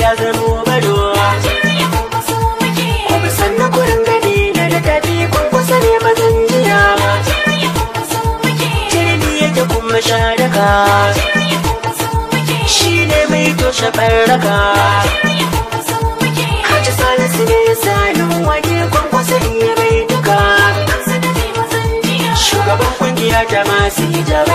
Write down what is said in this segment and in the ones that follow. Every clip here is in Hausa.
ya zano bado sannan kurin gani na da tafi kun kusa mazan jiya jirgi yake kuma sha daka shi ne mai toshe ɓarraka hajji salisu ne sanin wake kun kusa in yi duka shugaban kungiya ta masu hijab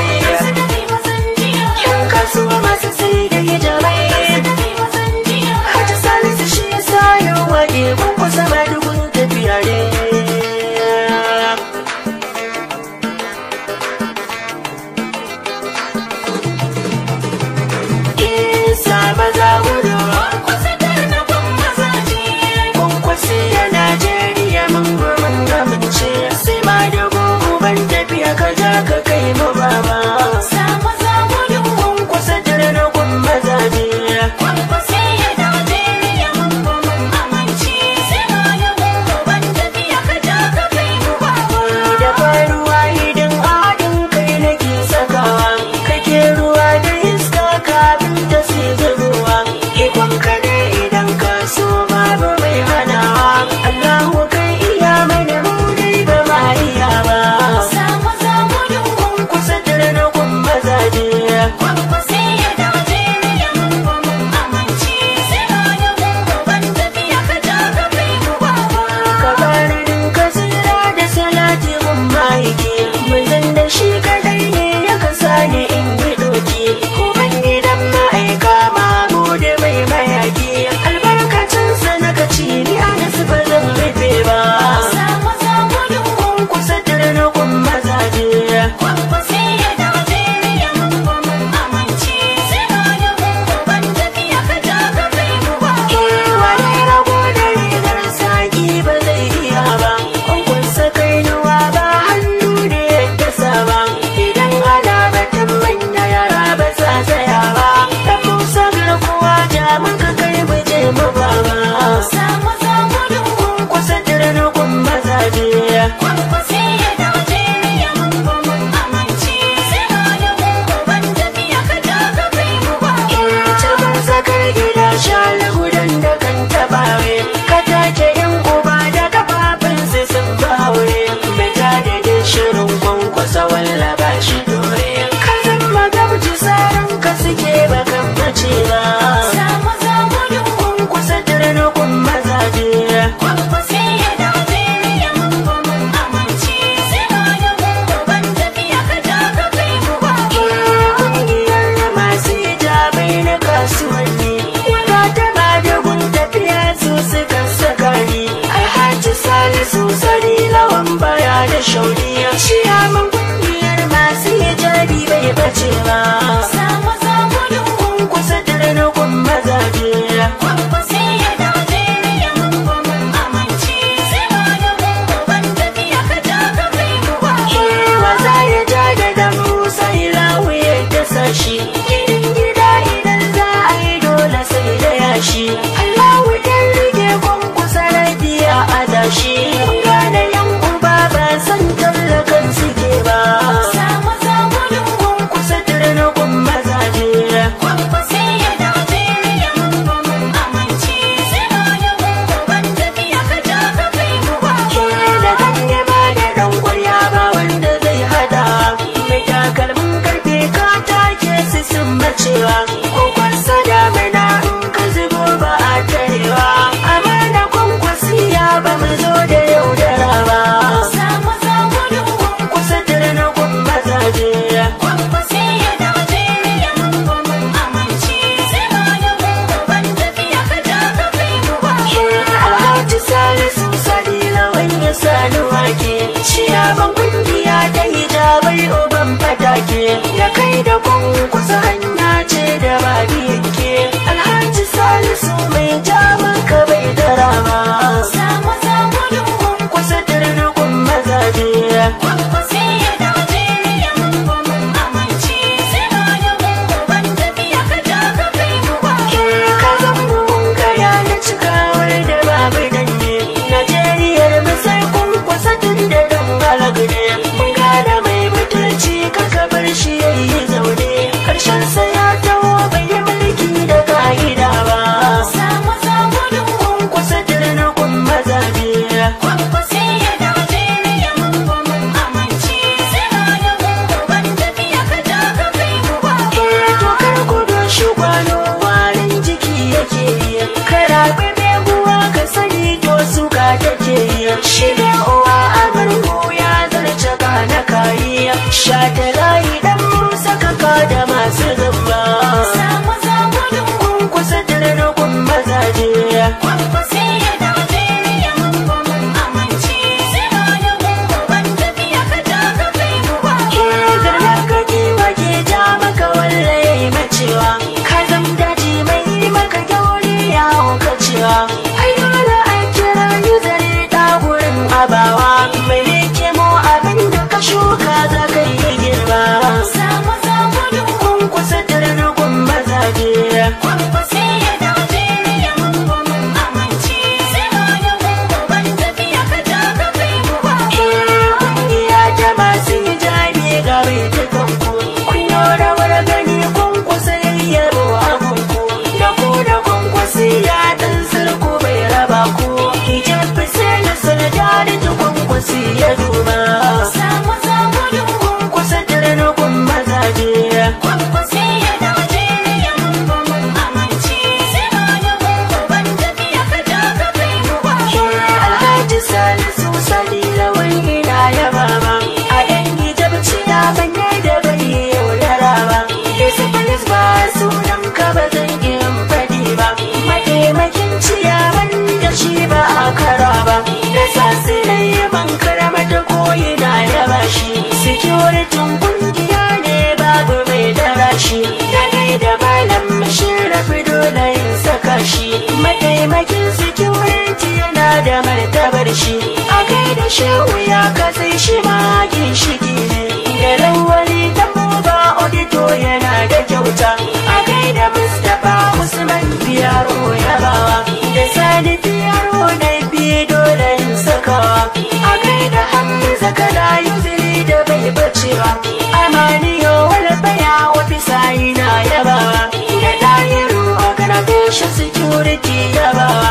up. time. Woo! shi a kai da shi wuya ka shi ma ginshiki ne Da wani tabo ba odito yana da kyauta a kai da mustapha usman biyaro bawa da Sani biyaro na biye dole in sakawa a kai da hamza da yuzili da bai bacewa ya wani baya ofisa ina yaba. da kanafin shi security yabawa